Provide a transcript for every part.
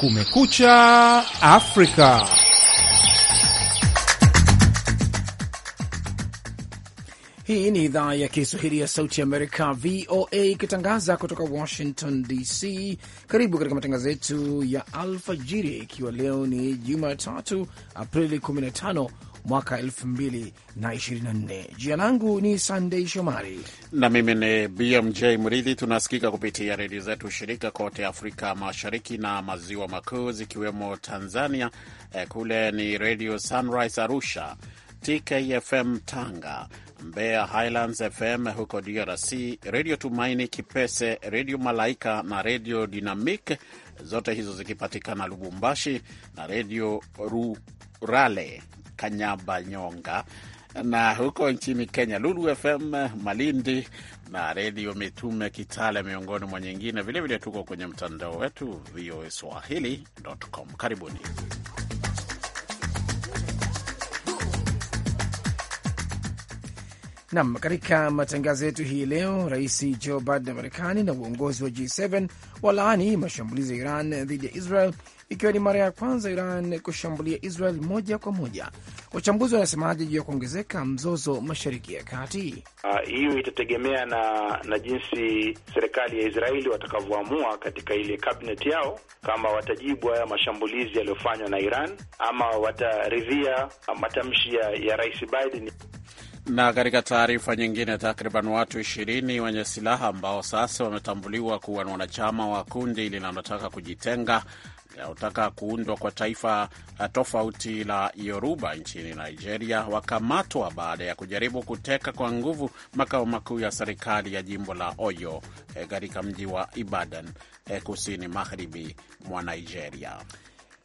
Kumekucha Afrika. Hii ni idhaa ya Kiswahili ya Sauti ya Amerika, VOA, ikitangaza kutoka Washington DC. Karibu katika matangazo yetu ya alfajiri, ikiwa leo ni Jumatatu Aprili 15 mwaka 2024. Jina langu ni Sandei Shomari na mimi ni BMJ Mridhi. Tunasikika kupitia redio zetu shirika kote Afrika Mashariki na Maziwa Makuu, zikiwemo Tanzania. Eh, kule ni Redio Sunrise Arusha, TKFM Tanga, Mbeya Highlands FM huko DRC, Redio Tumaini Kipese, Redio Malaika na Redio Dinamik, zote hizo zikipatikana Lubumbashi, na Redio Rurale Kanyaba Nyonga, na huko nchini Kenya, Lulu FM Malindi na Redio Mitume Kitale, miongoni mwa nyingine. Vilevile tuko kwenye mtandao wetu VOA Swahili.com. Karibuni. Nam, katika matangazo yetu hii leo, Rais Joe Biden wa Marekani na uongozi wa G7 walaani mashambulizi ya Iran dhidi ya Israel ikiwa ni mara ya kwanza Iran kushambulia Israel moja kwa moja. Wachambuzi wanasemaje juu ya kuongezeka mzozo mashariki ya kati? Ah, hiyo uh, itategemea na na jinsi serikali ya Israeli watakavyoamua katika ile kabineti yao, kama watajibu haya mashambulizi yaliyofanywa na Iran ama wataridhia matamshi ya, ya Rais Biden. Na katika taarifa nyingine, takriban watu ishirini wenye silaha ambao sasa wametambuliwa kuwa ni wanachama wa kundi linalotaka kujitenga wanaotaka kuundwa kwa taifa eh, tofauti la Yoruba nchini Nigeria wakamatwa baada ya kujaribu kuteka kwa nguvu makao makuu ya serikali ya jimbo la Oyo eh, katika mji wa Ibadan, eh, kusini magharibi mwa Nigeria.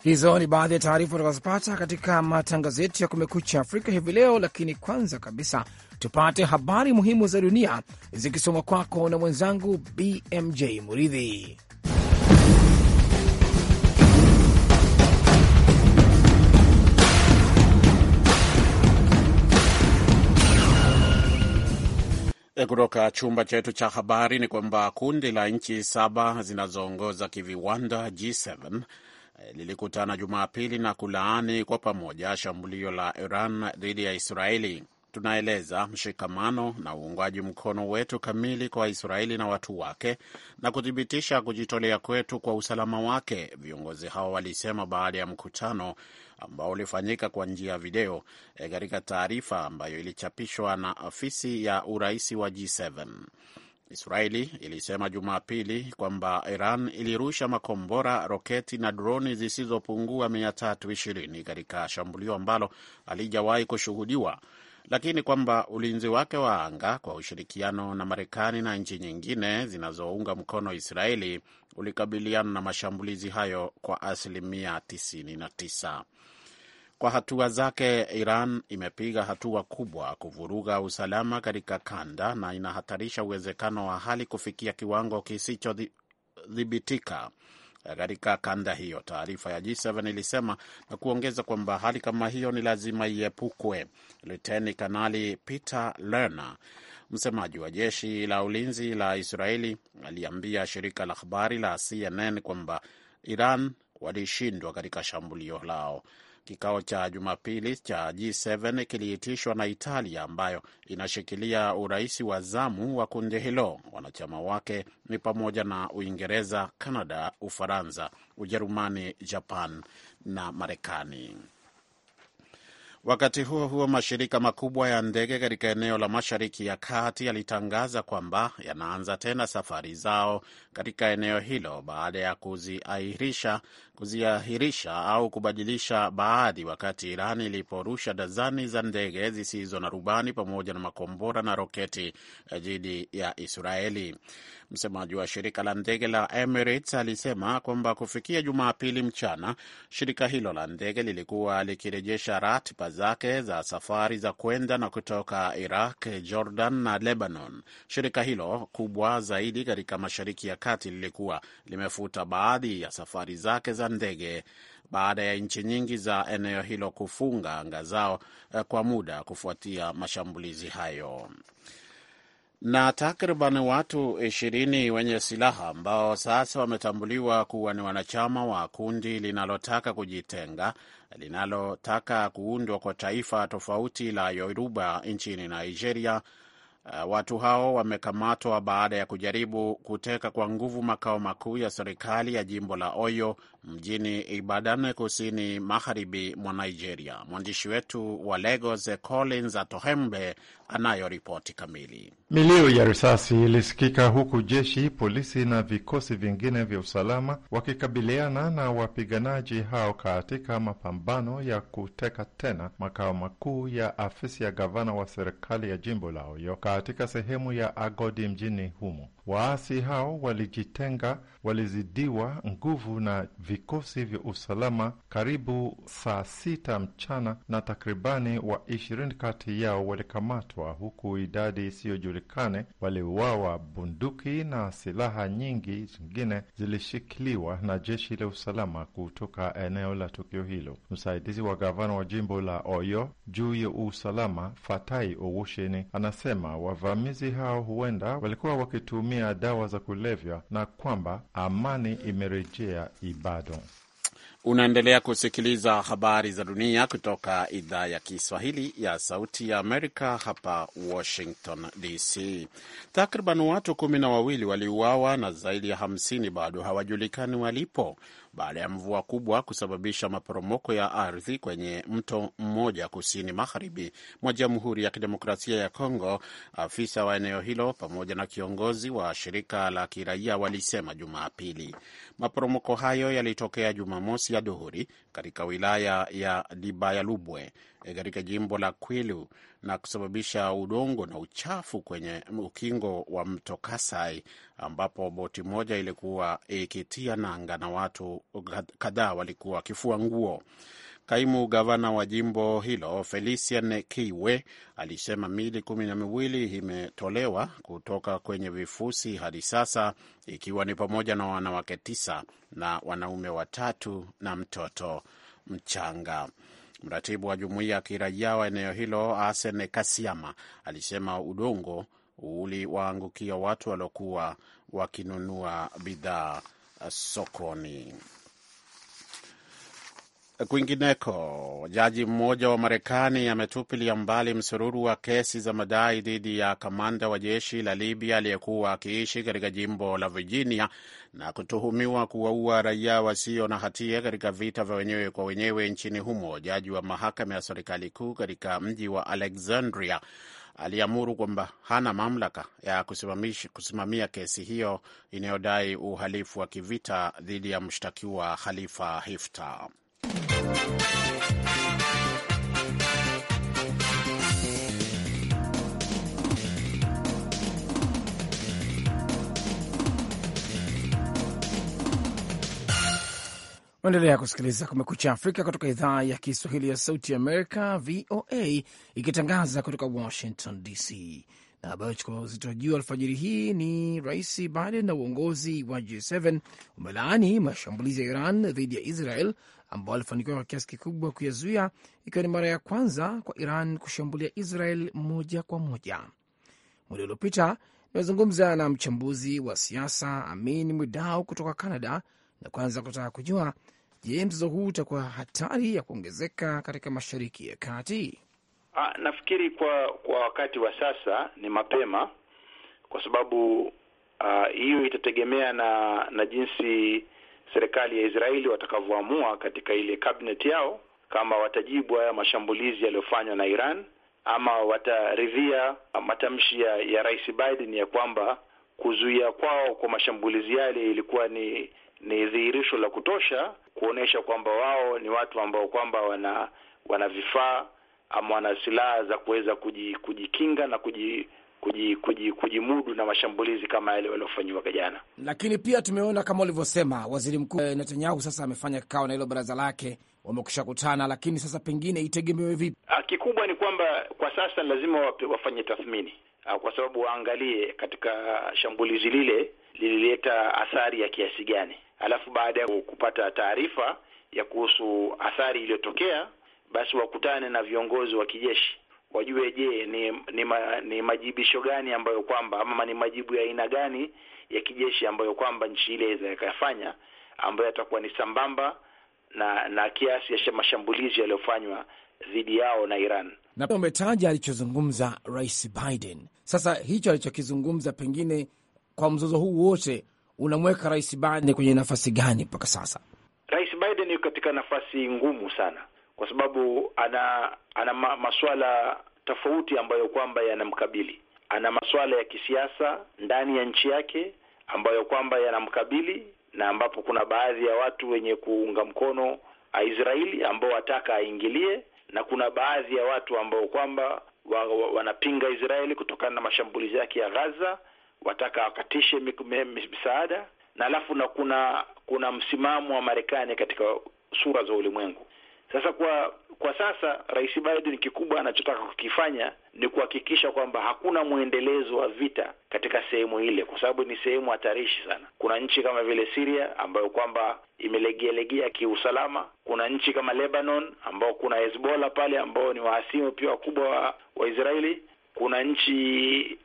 Hizo ni baadhi ya taarifa tunazopata katika matangazo yetu ya Kumekucha Afrika hivi leo, lakini kwanza kabisa tupate habari muhimu za dunia zikisomwa kwako na mwenzangu BMJ Muridhi. Eh, kutoka chumba chetu cha habari ni kwamba kundi la nchi saba zinazoongoza kiviwanda G7 eh, lilikutana Jumapili na kulaani kwa pamoja shambulio la Iran dhidi ya Israeli. Tunaeleza mshikamano na uungwaji mkono wetu kamili kwa Israeli na watu wake na kuthibitisha kujitolea kwetu kwa usalama wake, viongozi hao walisema baada ya mkutano ambao ulifanyika kwa njia ya video eh, katika taarifa ambayo ilichapishwa na afisi ya urais wa G7. Israeli ilisema Jumapili kwamba Iran ilirusha makombora, roketi na droni zisizopungua 320 katika shambulio ambalo halijawahi kushuhudiwa lakini kwamba ulinzi wake wa anga kwa ushirikiano na Marekani na nchi nyingine zinazounga mkono Israeli ulikabiliana na mashambulizi hayo kwa asilimia 99. Kwa hatua zake, Iran imepiga hatua kubwa kuvuruga usalama katika kanda na inahatarisha uwezekano wa hali kufikia kiwango kisichodhibitika katika kanda hiyo. Taarifa ya G7 ilisema na kuongeza kwamba hali kama hiyo ni lazima iepukwe. Luteni Kanali Peter Lerner, msemaji wa jeshi la ulinzi la Israeli, aliambia shirika la habari la CNN kwamba Iran walishindwa katika shambulio lao. Kikao cha Jumapili cha G7 kiliitishwa na Italia ambayo inashikilia urais wa zamu wa kundi hilo. Wanachama wake ni pamoja na Uingereza, Kanada, Ufaransa, Ujerumani, Japan na Marekani. Wakati huo huo, mashirika makubwa ya ndege katika eneo la Mashariki ya Kati yalitangaza kwamba yanaanza tena safari zao katika eneo hilo baada ya kuziahirisha kuziahirisha au kubadilisha baadhi, wakati Iran iliporusha dazani za ndege zisizo na rubani pamoja na makombora na roketi eh, dhidi ya Israeli. Msemaji wa shirika la ndege la Emirates alisema kwamba kufikia Jumapili mchana shirika hilo la ndege lilikuwa likirejesha ratiba zake za safari za kwenda na kutoka Iraq, Jordan na Lebanon. Shirika hilo kubwa zaidi katika Mashariki ya Kati lilikuwa limefuta baadhi ya safari zake za za ndege baada ya nchi nyingi za eneo hilo kufunga anga zao eh, kwa muda kufuatia mashambulizi hayo. Na takriban watu ishirini wenye silaha ambao sasa wametambuliwa kuwa ni wanachama wa kundi linalotaka kujitenga linalotaka kuundwa kwa taifa tofauti la Yoruba nchini Nigeria Uh, watu hao wamekamatwa baada ya kujaribu kuteka kwa nguvu makao makuu ya serikali ya jimbo la Oyo mjini Ibadan, kusini magharibi mwa Nigeria. Mwandishi wetu wa Lagos Collins Atohembe anayo ripoti kamili. Milio ya risasi ilisikika huku jeshi, polisi na vikosi vingine vya usalama wakikabiliana na wapiganaji hao katika mapambano ya kuteka tena makao makuu ya afisi ya gavana wa serikali ya jimbo la Oyo katika sehemu ya Agodi mjini humo. Waasi hao walijitenga, walizidiwa nguvu na vikosi vya usalama karibu saa sita mchana na takribani wa ishirini kati yao walikamatwa, huku idadi isiyojulikane waliuawa. Bunduki na silaha nyingi zingine zilishikiliwa na jeshi la usalama kutoka eneo la tukio hilo. Msaidizi wa gavana wa jimbo la Oyo juu ya usalama, Fatai Owusheni, anasema wavamizi hao huenda walikuwa wakitumia kutumia dawa za kulevya na kwamba amani imerejea Ibadan. Unaendelea kusikiliza habari za dunia kutoka idhaa ya Kiswahili ya Sauti ya Amerika, hapa Washington DC. Takriban watu kumi na wawili waliuawa na zaidi ya hamsini bado hawajulikani walipo baada ya mvua kubwa kusababisha maporomoko ya ardhi kwenye mto mmoja kusini magharibi mwa Jamhuri ya Kidemokrasia ya Kongo, afisa wa eneo hilo pamoja na kiongozi wa shirika la kiraia walisema Jumapili. Maporomoko hayo yalitokea Jumamosi ya dhuhuri katika wilaya ya Dibayalubwe eh, katika jimbo la Kwilu na kusababisha udongo na uchafu kwenye ukingo wa mto Kasai ambapo boti moja ilikuwa ikitia nanga na watu kadhaa walikuwa wakifua nguo. Kaimu gavana wa jimbo hilo Felician Kiwe alisema mili kumi na miwili imetolewa kutoka kwenye vifusi hadi sasa, ikiwa ni pamoja na wanawake tisa na wanaume watatu na mtoto mchanga. Mratibu wa jumuiya ya kiraia wa eneo hilo Asen Kasiama alisema udongo uliwaangukia watu waliokuwa wakinunua bidhaa sokoni. Kwingineko, jaji mmoja wa Marekani ametupilia mbali msururu wa kesi za madai dhidi ya kamanda wa jeshi la Libya aliyekuwa akiishi katika jimbo la Virginia na kutuhumiwa kuwaua raia wasio na hatia katika vita vya wenyewe kwa wenyewe nchini humo. Jaji wa mahakama ya serikali kuu katika mji wa Alexandria aliamuru kwamba hana mamlaka ya kusimamia kesi hiyo inayodai uhalifu wa kivita dhidi ya mshtakiwa Khalifa Haftar. Endelea kusikiliza Kumekucha Afrika kutoka idhaa ya Kiswahili ya Sauti Amerika, VOA, ikitangaza kutoka Washington DC. Na habari chukua uzito wa juu alfajiri hii ni Rais Biden na uongozi wa G7 umelaani mashambulizi ya Iran dhidi ya Israel ambao walifanikiwa kwa kiasi kikubwa kuyazuia, ikiwa ni mara ya kwanza kwa Iran kushambulia Israel moja kwa moja. Muda uliopita nimezungumza na mchambuzi wa siasa Amin Mwidau kutoka Canada na kwanza kutaka kujua, je, mzozo huu utakuwa hatari ya kuongezeka katika Mashariki ya Kati? Ha, ah, nafikiri kwa kwa wakati wa sasa ni mapema kwa sababu ah, hiyo uh, itategemea na na jinsi serikali ya Israeli watakavyoamua katika ile cabinet yao, kama watajibu haya mashambulizi yaliyofanywa na Iran ama wataridhia matamshi ya, ya Rais Biden ya kwamba kuzuia kwao kwa mashambulizi yale ilikuwa ni ni dhihirisho la kutosha kuonesha kwamba wao ni watu ambao kwamba wana wana vifaa ama wana silaha za kuweza kujikinga na kuji kujimudu kuji, kuji na mashambulizi kama yale waliofanyiwa jana. Lakini pia tumeona kama ulivyosema waziri mkuu e, Netanyahu sasa amefanya kikao na hilo baraza lake, wamekusha kutana, lakini sasa pengine itegemewe vipi? Ah, kikubwa ni kwamba kwa sasa lazima wafanye tathmini, ah, kwa sababu waangalie katika shambulizi lile lilileta athari ya kiasi gani, alafu baada ya kupata taarifa ya kuhusu athari iliyotokea, basi wakutane na viongozi wa kijeshi wajue je ni ni, ma, ni majibisho gani ambayo kwamba ama ni majibu ya aina gani ya kijeshi ambayo kwamba nchi ile iweza yakayafanya ambayo yatakuwa ni sambamba na na kiasi ya mashambulizi yaliyofanywa dhidi yao na Iran. Na umetaja alichozungumza Rais Biden. Sasa hicho alichokizungumza, pengine kwa mzozo huu wote, unamweka Rais Biden kwenye nafasi gani mpaka sasa? Rais Biden yuko katika nafasi ngumu sana kwa sababu ana ana masuala tofauti ambayo kwamba yanamkabili. Ana masuala ya kisiasa ndani ya nchi yake ambayo kwamba yanamkabili na ambapo kuna baadhi ya watu wenye kuunga mkono Israeli ambao wataka aingilie, na kuna baadhi ya watu ambao kwamba wa, wa, wanapinga Israeli kutokana na mashambulizi yake ya Gaza, wataka akatishe misaada na alafu na kuna kuna msimamo wa Marekani katika sura za ulimwengu. Sasa kwa kwa sasa Rais Biden kikubwa anachotaka kukifanya ni kuhakikisha kwamba hakuna mwendelezo wa vita katika sehemu ile, kwa sababu ni sehemu hatarishi sana. Kuna nchi kama vile Syria ambayo kwamba imelegealegea kiusalama. Kuna nchi kama Lebanon ambao kuna Hezbollah pale ambao ni wahasimu pia wakubwa wa, wa Israeli. Kuna nchi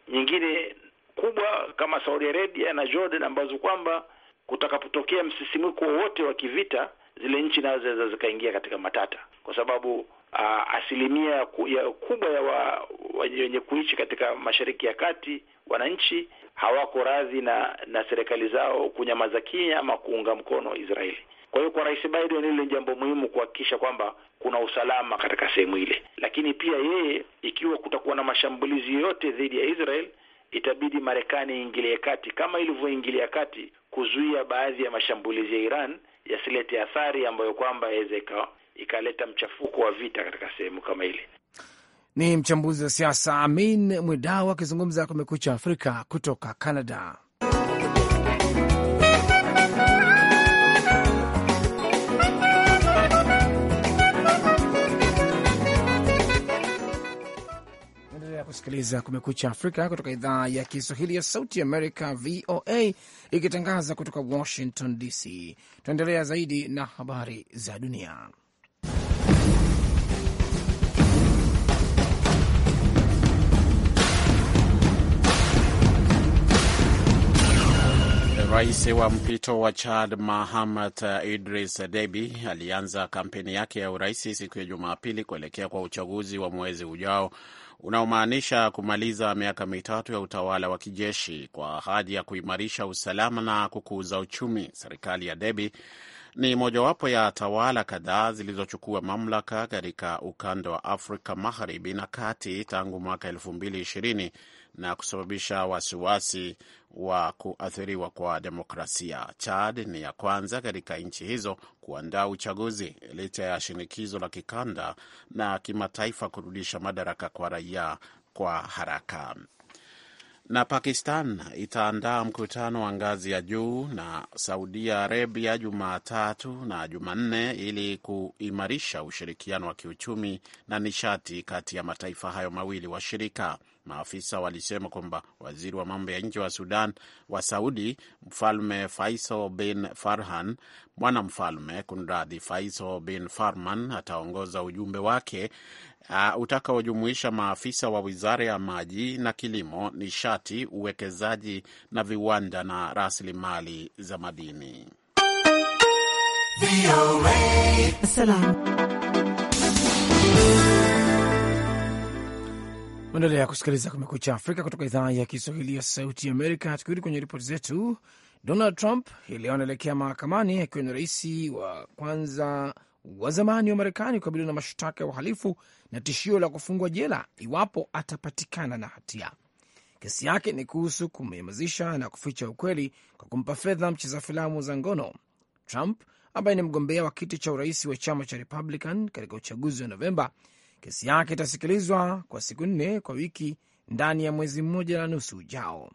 nyingine kubwa kama Saudi Arabia na Jordan ambazo kwamba kutakapotokea msisimiko wowote wa kivita zile nchi nazo zinaweza zikaingia katika matata, kwa sababu uh, asilimia ku, ya, kubwa ya wa, wenye kuishi katika Mashariki ya Kati wananchi hawako radhi na na serikali zao kunyamaza kimya ama kuunga mkono Israeli. Kwa hiyo kwa Rais Biden ile ni jambo muhimu kuhakikisha kwamba kuna usalama katika sehemu ile, lakini pia yeye, ikiwa kutakuwa na mashambulizi yoyote dhidi ya Israel, itabidi Marekani iingilie kati kama ilivyoingilia kati kuzuia baadhi ya mashambulizi ya Iran yasilete athari ambayo kwamba yaweze ikaleta mchafuko wa vita katika sehemu kama ile. Ni mchambuzi wa siasa Amin Mwidau akizungumza Kumekucha Afrika kutoka Canada. kusikiliza Kumekucha Afrika kutoka idhaa ya Kiswahili ya Sauti Amerika, VOA, ikitangaza kutoka Washington DC. Tunaendelea zaidi na habari za dunia. Rais wa mpito wa Chad Mahamat Idris debi alianza kampeni yake ya urais siku ya Jumapili kuelekea kwa uchaguzi wa mwezi ujao unaomaanisha kumaliza miaka mitatu ya utawala wa kijeshi kwa ahadi ya kuimarisha usalama na kukuza uchumi. Serikali ya debi ni mojawapo ya tawala kadhaa zilizochukua mamlaka katika ukanda wa Afrika magharibi na kati tangu mwaka 2020 na kusababisha wasiwasi wa kuathiriwa kwa demokrasia. Chad ni ya kwanza katika nchi hizo kuandaa uchaguzi licha ya shinikizo la kikanda na kimataifa kurudisha madaraka kwa raia kwa haraka. Na Pakistan itaandaa mkutano wa ngazi ya juu na Saudi Arabia Jumatatu na Jumanne ili kuimarisha ushirikiano wa kiuchumi na nishati kati ya mataifa hayo mawili washirika. Maafisa walisema kwamba waziri wa mambo ya nje wa Sudan wa Saudi, Mfalme Faisal bin Farhan, mwanamfalme kunradhi, Faisal bin Farman ataongoza ujumbe wake uh, utakaojumuisha maafisa wa wizara ya maji na kilimo, nishati, uwekezaji na viwanda na rasilimali za madini. Maendelea ya kusikiliza Kumekucha Afrika kutoka idhaa ya Kiswahili ya Sauti Amerika. Tukirudi kwenye ripoti zetu, Donald Trump hii leo anaelekea mahakamani akiwa ni rais wa kwanza wa zamani wa Marekani kukabiliwa na mashtaka ya uhalifu na tishio la kufungwa jela iwapo atapatikana na hatia. Kesi yake ni kuhusu kumnyamazisha na kuficha ukweli kwa kumpa fedha mcheza filamu za ngono. Trump ambaye ni mgombea wa kiti cha urais wa chama cha Republican katika uchaguzi wa Novemba, kesi yake itasikilizwa kwa siku nne kwa wiki ndani ya mwezi mmoja na nusu ujao.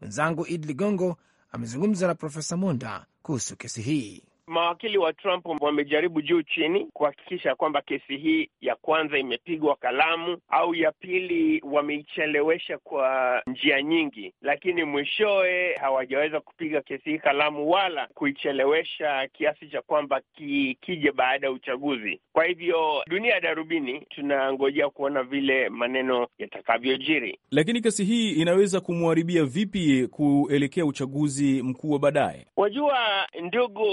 Mwenzangu Id Ligongo amezungumza na Profesa Monda kuhusu kesi hii. Mawakili wa Trump wamejaribu juu chini kuhakikisha kwamba kesi hii ya kwanza imepigwa kalamu au ya pili wameichelewesha kwa njia nyingi, lakini mwishowe hawajaweza kupiga kesi hii kalamu wala kuichelewesha kiasi cha kwamba kikije kije baada ya uchaguzi. Kwa hivyo dunia ya darubini, tunangojea kuona vile maneno yatakavyojiri. Lakini kesi hii inaweza kumwharibia vipi kuelekea uchaguzi mkuu wa baadaye? Wajua ndugu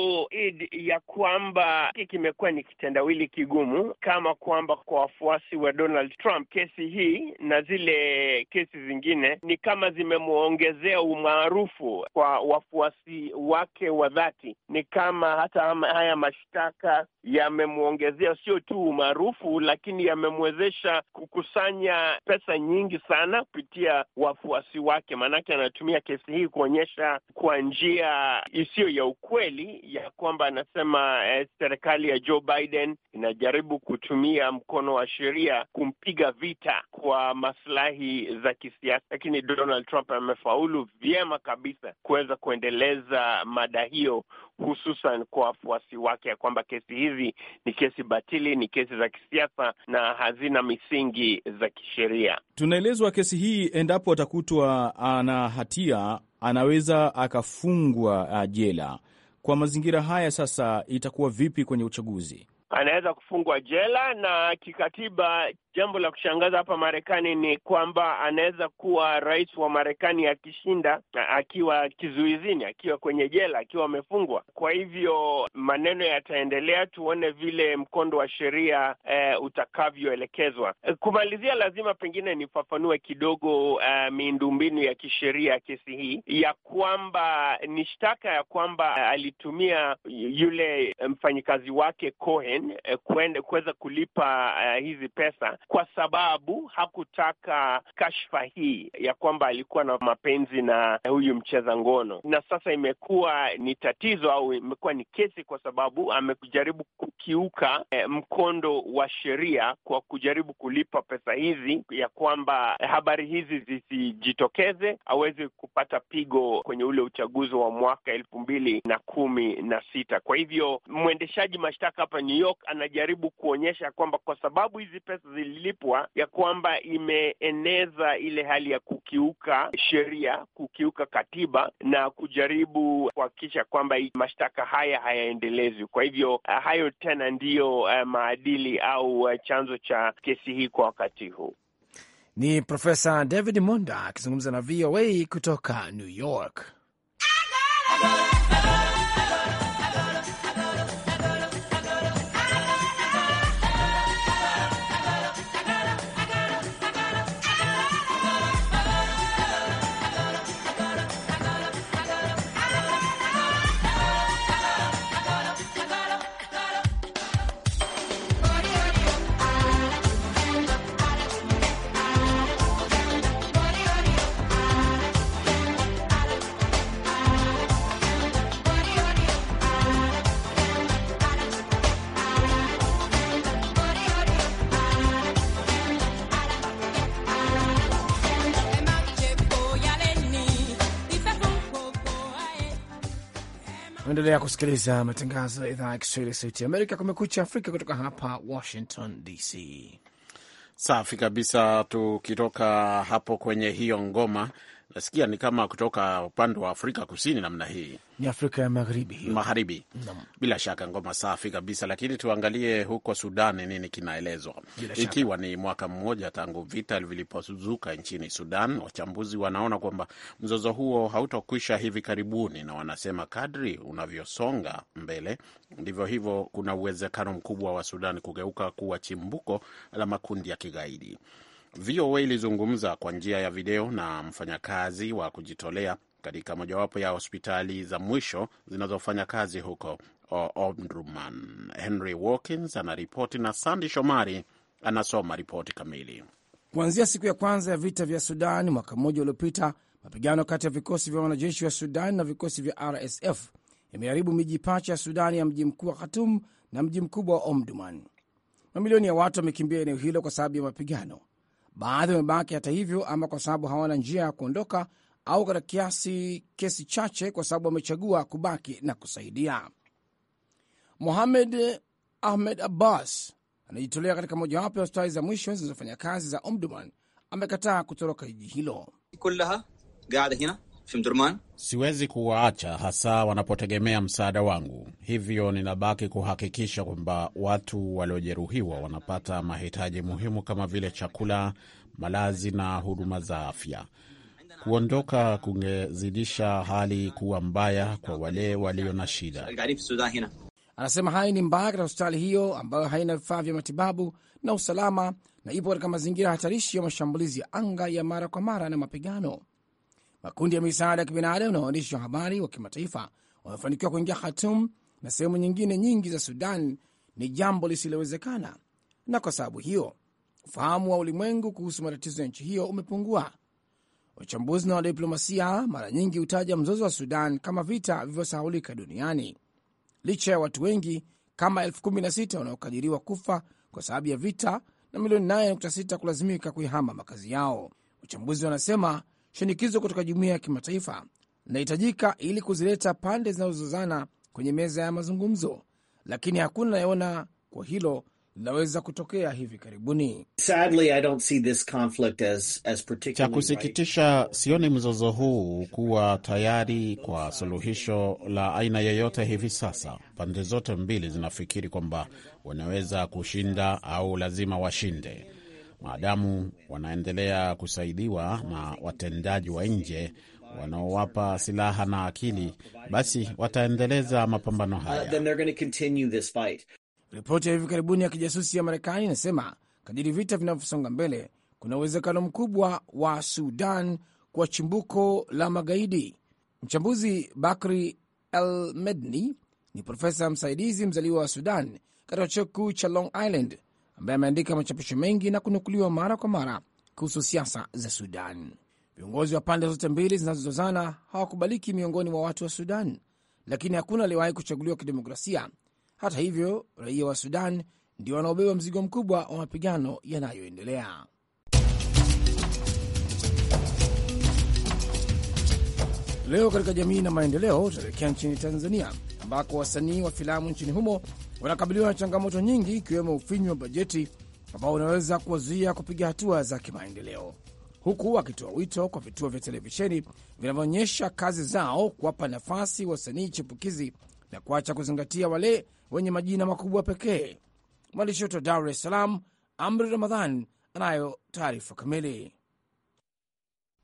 worried ya kwamba hiki kimekuwa ni kitendawili kigumu, kama kwamba kwa wafuasi wa Donald Trump kesi hii na zile kesi zingine ni kama zimemwongezea umaarufu kwa wafuasi wake wa dhati. Ni kama hata haya mashtaka yamemwongezea sio tu umaarufu, lakini yamemwezesha kukusanya pesa nyingi sana kupitia wafuasi wake, maanake anatumia kesi hii kuonyesha kwa njia isiyo ya ukweli ya kwa kwamba anasema eh, serikali ya Joe Biden inajaribu kutumia mkono wa sheria kumpiga vita kwa maslahi za kisiasa, lakini Donald Trump amefaulu vyema kabisa kuweza kuendeleza mada hiyo, hususan kwa wafuasi wake, ya kwamba kesi hizi ni kesi batili, ni kesi za kisiasa na hazina misingi za kisheria. Tunaelezwa kesi hii, endapo atakutwa ana hatia, anaweza akafungwa ah, jela. Kwa mazingira haya sasa, itakuwa vipi kwenye uchaguzi? Anaweza kufungwa jela na kikatiba Jambo la kushangaza hapa Marekani ni kwamba anaweza kuwa rais wa Marekani akishinda akiwa kizuizini, akiwa kwenye jela, akiwa amefungwa. Kwa hivyo maneno yataendelea, tuone vile mkondo wa sheria eh, utakavyoelekezwa. Eh, kumalizia, lazima pengine nifafanue kidogo eh, miundombinu ya kisheria kesi hii ya kwamba ni shtaka ya kwamba eh, alitumia yule eh, mfanyikazi wake Cohen eh, kuweza kulipa eh, hizi pesa kwa sababu hakutaka kashfa hii ya kwamba alikuwa na mapenzi na huyu mcheza ngono, na sasa imekuwa ni tatizo au imekuwa ni kesi, kwa sababu amejaribu kukiuka eh, mkondo wa sheria kwa kujaribu kulipa pesa hizi, ya kwamba habari hizi zisijitokeze, aweze kupata pigo kwenye ule uchaguzi wa mwaka elfu mbili na kumi na sita. Kwa hivyo mwendeshaji mashtaka hapa New York anajaribu kuonyesha kwamba kwa sababu hizi pesa zili ililipwa ya kwamba imeeneza ile hali ya kukiuka sheria, kukiuka katiba na kujaribu kuhakikisha kwamba mashtaka haya hayaendelezwi. Kwa hivyo eh, hayo tena ndiyo uh, maadili au uh, chanzo cha kesi hii kwa wakati huu. Ni Profesa David Monda akizungumza na VOA kutoka New York. Unaendelea kusikiliza matangazo ya idhaa ya Kiswahili ya Sauti ya Amerika, Kumekucha Afrika, kutoka hapa Washington DC. Safi kabisa. Tukitoka hapo kwenye hiyo ngoma nasikia ni kama kutoka upande wa Afrika Kusini namna hii, ni Afrika ya Magharibi hiyo. Magharibi no. Bila shaka ngoma safi kabisa, lakini tuangalie huko Sudan nini kinaelezwa, ikiwa ni mwaka mmoja tangu vita vilipozuka nchini Sudan. Wachambuzi wanaona kwamba mzozo huo hautokwisha hivi karibuni, na wanasema kadri unavyosonga mbele ndivyo hivyo, kuna uwezekano mkubwa wa Sudan kugeuka kuwa chimbuko la makundi ya kigaidi. VOA ilizungumza kwa njia ya video na mfanyakazi wa kujitolea katika mojawapo ya hospitali za mwisho zinazofanya kazi huko Omdurman. Henry Walkins anaripoti na Sandi Shomari anasoma ripoti kamili. Kuanzia siku ya kwanza ya vita vya Sudan mwaka mmoja uliopita, mapigano kati ya vikosi vya wanajeshi wa Sudan na vikosi vya RSF yameharibu miji pacha ya Sudani ya mji mkuu wa Khartoum na mji mkubwa wa Omdurman. Mamilioni ya watu wamekimbia eneo hilo kwa sababu ya mapigano Baadhi wamebaki hata hivyo, ama kwa sababu hawana njia ya kuondoka au katika kiasi kesi chache kwa sababu wamechagua kubaki na kusaidia. Mohamed Ahmed Abbas anajitolea katika mojawapo ya hospitali za mwisho zinazofanya kazi za Omdurman, amekataa kutoroka jiji hilo. Siwezi kuwaacha hasa wanapotegemea msaada wangu, hivyo ninabaki kuhakikisha kwamba watu waliojeruhiwa wanapata mahitaji muhimu kama vile chakula, malazi na huduma za afya. Kuondoka kungezidisha hali kuwa mbaya kwa wale walio na shida. Anasema hali ni mbaya katika hospitali hiyo ambayo haina vifaa vya matibabu na usalama, na ipo katika mazingira hatarishi ya mashambulizi ya anga ya mara kwa mara na mapigano. Makundi ya misaada ya kibinadamu na waandishi wa habari wa kimataifa wamefanikiwa kuingia Khartoum na sehemu nyingine nyingi za Sudan ni jambo lisilowezekana, na kwa sababu hiyo ufahamu wa ulimwengu kuhusu matatizo ya nchi hiyo umepungua. Wachambuzi na wadiplomasia mara nyingi hutaja mzozo wa Sudan kama vita vilivyosahaulika duniani, licha ya watu wengi kama elfu kumi na sita wanaokadiriwa kufa kwa sababu ya vita na milioni 8.6 kulazimika kuihama makazi yao. Wachambuzi wanasema shinikizo kutoka jumuiya ya kimataifa linahitajika ili kuzileta pande zinazozozana kwenye meza ya mazungumzo, lakini hakuna anayeona kwa hilo linaweza kutokea hivi karibuni. Cha kusikitisha, sioni mzozo huu kuwa tayari kwa suluhisho la aina yoyote hivi sasa. Pande zote mbili zinafikiri kwamba wanaweza kushinda au lazima washinde maadamu wanaendelea kusaidiwa na watendaji wa nje wanaowapa silaha na akili, basi wataendeleza mapambano uh, haya. ripoti ya hivi karibuni ya kijasusi ya Marekani inasema kadiri vita vinavyosonga mbele, kuna uwezekano mkubwa wa Sudan kwa chimbuko la magaidi. Mchambuzi Bakri El Medni ni profesa msaidizi mzaliwa wa Sudan katika chuo kikuu cha Long Island ambaye ameandika machapisho mengi na kunukuliwa mara kwa mara kuhusu siasa za Sudan. Viongozi wa pande zote mbili zinazozozana hawakubaliki miongoni mwa watu wa Sudan, lakini hakuna aliyewahi kuchaguliwa kidemokrasia. Hata hivyo, raia wa Sudan ndio wanaobeba mzigo mkubwa wa mapigano yanayoendelea. Leo katika jamii na maendeleo, tunaelekea nchini Tanzania ambako wasanii wa filamu nchini humo wanakabiliwa na changamoto nyingi, ikiwemo ufinyu wa bajeti ambao unaweza kuwazuia kupiga hatua za kimaendeleo, huku wakitoa wito kwa vituo vya televisheni vinavyoonyesha kazi zao kuwapa nafasi wasanii chipukizi na kuacha kuzingatia wale wenye majina makubwa pekee. Mwandishi wetu wa Dar es Salaam, Amri Ramadhan, anayo taarifa kamili.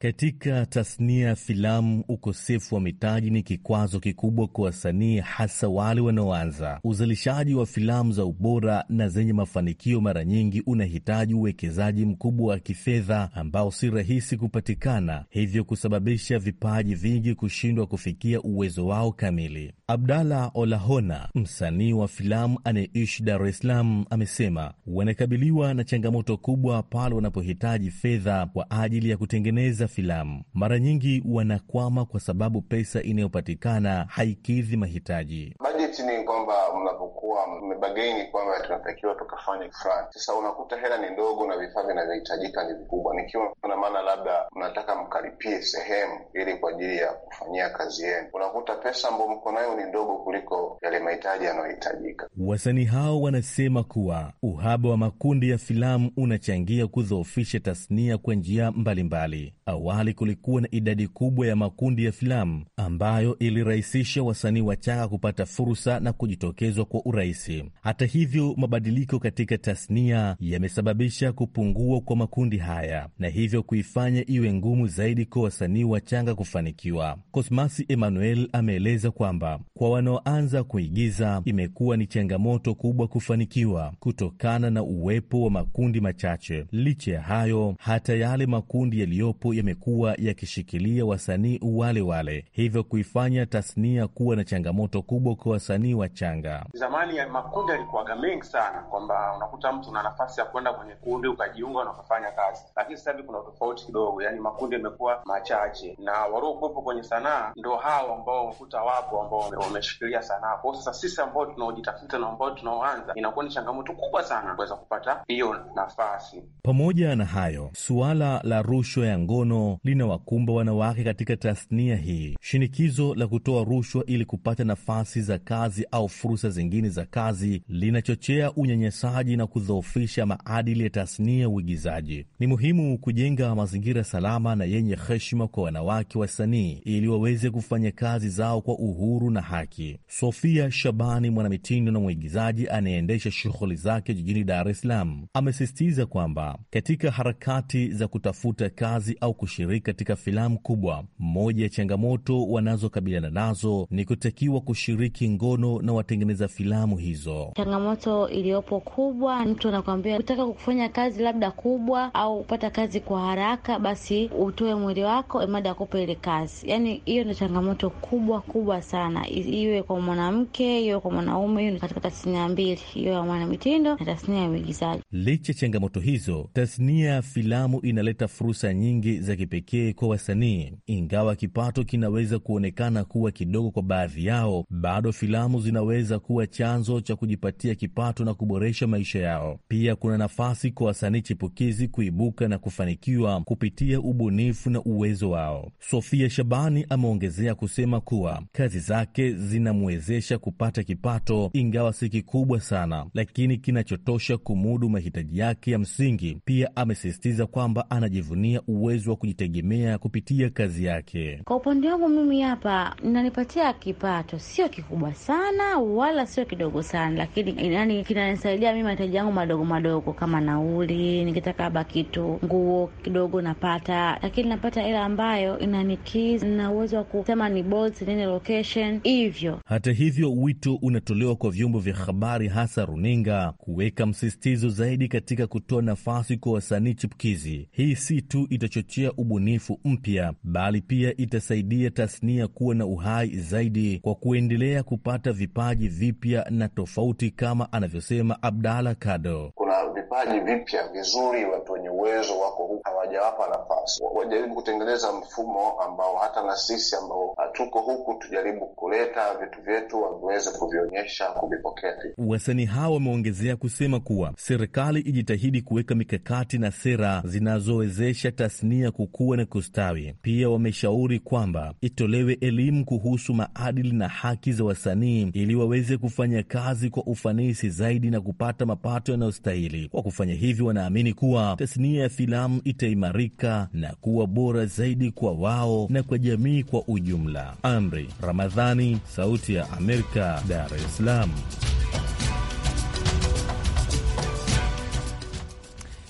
Katika tasnia ya filamu, ukosefu wa mitaji ni kikwazo kikubwa kwa wasanii, hasa wale wanaoanza. Uzalishaji wa filamu za ubora na zenye mafanikio mara nyingi unahitaji uwekezaji mkubwa wa kifedha ambao si rahisi kupatikana, hivyo kusababisha vipaji vingi kushindwa kufikia uwezo wao kamili. Abdalla Olahona, msanii wa filamu anayeishi Dar es Salaam, amesema wanakabiliwa na changamoto kubwa pale wanapohitaji fedha kwa ajili ya kutengeneza filamu mara nyingi wanakwama kwa sababu pesa inayopatikana haikidhi mahitaji. Bajeti ni kwamba mnapokuwa mmebagaini kwamba tunatakiwa tukafanye fulani, sasa unakuta hela ni ndogo na vifaa vinavyohitajika ni vikubwa, nikiwa na maana labda mnataka mkaripie sehemu ili kwa ajili ya kufanyia kazi yenu, unakuta pesa ambayo mko nayo ni ndogo kuliko yale mahitaji yanayohitajika. Wasanii hao wanasema kuwa uhaba wa makundi ya filamu unachangia kudhoofisha tasnia kwa njia mbalimbali awali kulikuwa na idadi kubwa ya makundi ya filamu ambayo ilirahisisha wasanii wachanga kupata fursa na kujitokezwa kwa urahisi. Hata hivyo, mabadiliko katika tasnia yamesababisha kupungua kwa makundi haya na hivyo kuifanya iwe ngumu zaidi kwa wasanii wachanga kufanikiwa. kosmasi Emmanuel ameeleza kwamba kwa wanaoanza kuigiza imekuwa ni changamoto kubwa kufanikiwa kutokana na uwepo wa makundi machache. Licha ya hayo, hata yale makundi yaliyopo yame imekuwa yakishikilia wasanii wale wale, hivyo kuifanya tasnia kuwa na changamoto kubwa kwa wasanii wachanga. Zamani ya makundi yalikuwaga mengi sana, kwamba unakuta mtu una nafasi ya kwenda kwenye kundi ukajiunga na ukafanya kazi, lakini sasa hivi kuna tofauti kidogo, yaani makundi yamekuwa machache na waliokuwepo kwenye sanaa ndo hao ambao wamekuta wapo ambao wameshikilia sanaa kwao. Sasa sisi ambao tunaojitafuta na ambao tunaoanza, inakuwa ni changamoto kubwa sana kuweza kupata hiyo nafasi. Pamoja na hayo, suala la rushwa ya ngono linawakumba wanawake katika tasnia hii. Shinikizo la kutoa rushwa ili kupata nafasi za kazi au fursa zingine za kazi linachochea unyanyasaji na kudhoofisha maadili ya tasnia ya uigizaji. Ni muhimu kujenga mazingira salama na yenye heshima kwa wanawake wasanii ili waweze kufanya kazi zao kwa uhuru na haki. Sofia Shabani, mwanamitindo na mwigizaji anayeendesha shughuli zake jijini Dar es Salaam, amesisitiza kwamba katika harakati za kutafuta kazi au kushiriki katika filamu kubwa. Moja ya changamoto wanazokabiliana nazo ni kutakiwa kushiriki ngono na watengeneza filamu hizo. Changamoto iliyopo kubwa, mtu anakuambia kutaka kufanya kazi labda kubwa au kupata kazi kwa haraka, basi utoe mwili wako imada akupe ile kazi. Yani hiyo ndio changamoto kubwa kubwa sana, iwe kwa mwanamke, iwe kwa mwanaume. Hiyo ni katika tasnia mbili, hiyo ya mwanamitindo na tasnia ya uigizaji. Licha changamoto hizo, tasnia ya filamu inaleta fursa nyingi za kipekee kwa wasanii. Ingawa kipato kinaweza kuonekana kuwa kidogo kwa baadhi yao, bado filamu zinaweza kuwa chanzo cha kujipatia kipato na kuboresha maisha yao. Pia kuna nafasi kwa wasanii chipukizi kuibuka na kufanikiwa kupitia ubunifu na uwezo wao. Sofia Shabani ameongezea kusema kuwa kazi zake zinamwezesha kupata kipato, ingawa si kikubwa sana, lakini kinachotosha kumudu mahitaji yake ya msingi. Pia amesisitiza kwamba anajivunia uwezo wa kujitegemea kupitia kazi yake. Kwa upande wangu mimi, hapa nanipatia kipato, sio kikubwa sana wala sio kidogo sana, lakini yani kinanisaidia mimi mahitaji yangu madogo madogo, kama nauli, nikitaka aba kitu, nguo kidogo napata, lakini napata hela ambayo inanikiza na uwezo wa kusema ni bolt nini location hivyo. Hata hivyo, wito unatolewa kwa vyombo vya habari, hasa runinga, kuweka msisitizo zaidi katika kutoa nafasi kwa wasanii chipukizi. Hii si tu itachochea kuchochea ubunifu mpya, bali pia itasaidia tasnia kuwa na uhai zaidi kwa kuendelea kupata vipaji vipya na tofauti, kama anavyosema Abdala Kado. Kuna vipaji vipya vizuri watu uwezo wako huu hawajawapa nafasi. Wajaribu kutengeneza mfumo ambao hata na sisi ambao hatuko huku tujaribu kuleta vitu vyetu waviweze kuvionyesha, kuvipokea. Wasanii hao wameongezea kusema kuwa serikali ijitahidi kuweka mikakati na sera zinazowezesha tasnia kukua na kustawi. Pia wameshauri kwamba itolewe elimu kuhusu maadili na haki za wasanii ili waweze kufanya kazi kwa ufanisi zaidi na kupata mapato yanayostahili. Kwa kufanya hivyo, wanaamini kuwa tasnia dunia ya filamu itaimarika na kuwa bora zaidi kwa wao na kwa jamii kwa ujumla. Amri Ramadhani, Sauti ya Amerika, Dar es Salaam.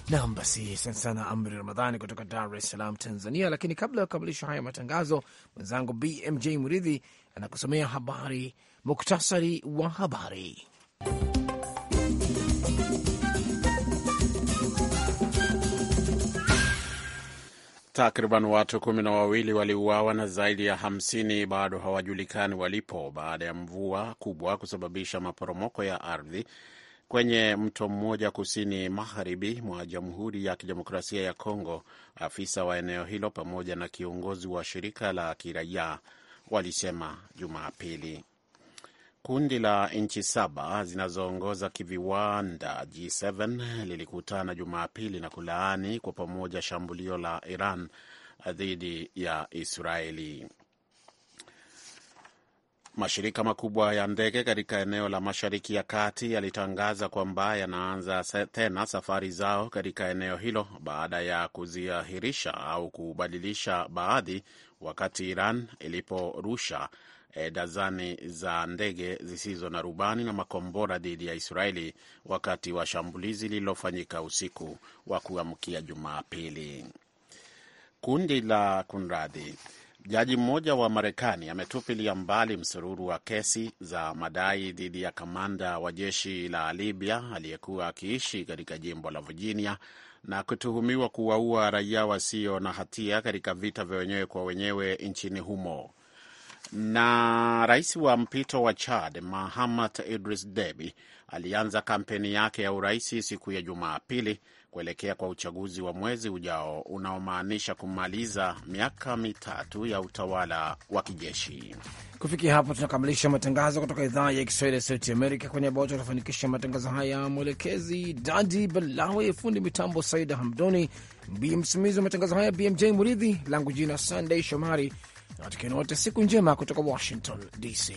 Nam, basi asante sana Amri Ramadhani kutoka Dar es Salaam, Tanzania. Lakini kabla ya kukamilisha haya matangazo, mwenzangu BMJ Muridhi anakusomea habari muktasari wa habari. Takriban watu kumi na wawili waliuawa na zaidi ya hamsini bado hawajulikani walipo baada ya mvua kubwa kusababisha maporomoko ya ardhi kwenye mto mmoja kusini magharibi mwa Jamhuri ya Kidemokrasia ya Kongo. Afisa wa eneo hilo pamoja na kiongozi wa shirika la kiraia walisema Jumapili. Kundi la nchi saba zinazoongoza kiviwanda G7 lilikutana Jumapili na kulaani kwa pamoja shambulio la Iran dhidi ya Israeli. Mashirika makubwa ya ndege katika eneo la Mashariki ya Kati yalitangaza kwamba yanaanza tena safari zao katika eneo hilo baada ya kuziahirisha au kubadilisha baadhi, wakati Iran iliporusha e, dazani za ndege zisizo na rubani na makombora dhidi ya Israeli wakati wa shambulizi lililofanyika usiku wa kuamkia Jumapili. Kundi la kunradhi Jaji mmoja wa Marekani ametupilia mbali msururu wa kesi za madai dhidi ya kamanda wa jeshi la Libya aliyekuwa akiishi katika jimbo la Virginia na kutuhumiwa kuwaua raia wasio na hatia katika vita vya wenyewe kwa wenyewe nchini humo. Na rais wa mpito wa Chad Mahamat Idris Deby alianza kampeni yake ya uraisi siku ya Jumapili kuelekea kwa uchaguzi wa mwezi ujao unaomaanisha kumaliza miaka mitatu ya utawala wa kijeshi. Kufikia hapo, tunakamilisha matangazo kutoka idhaa ya Kiswahili ya Sauti Amerika. Kwa niaba wote watafanikisha matangazo haya, mwelekezi Dadi Balawe, fundi mitambo Saida Hamdoni, msimamizi wa matangazo haya BMJ Muridhi, langu jina Sandey Shomari na watukeni wote, siku njema kutoka Washington DC.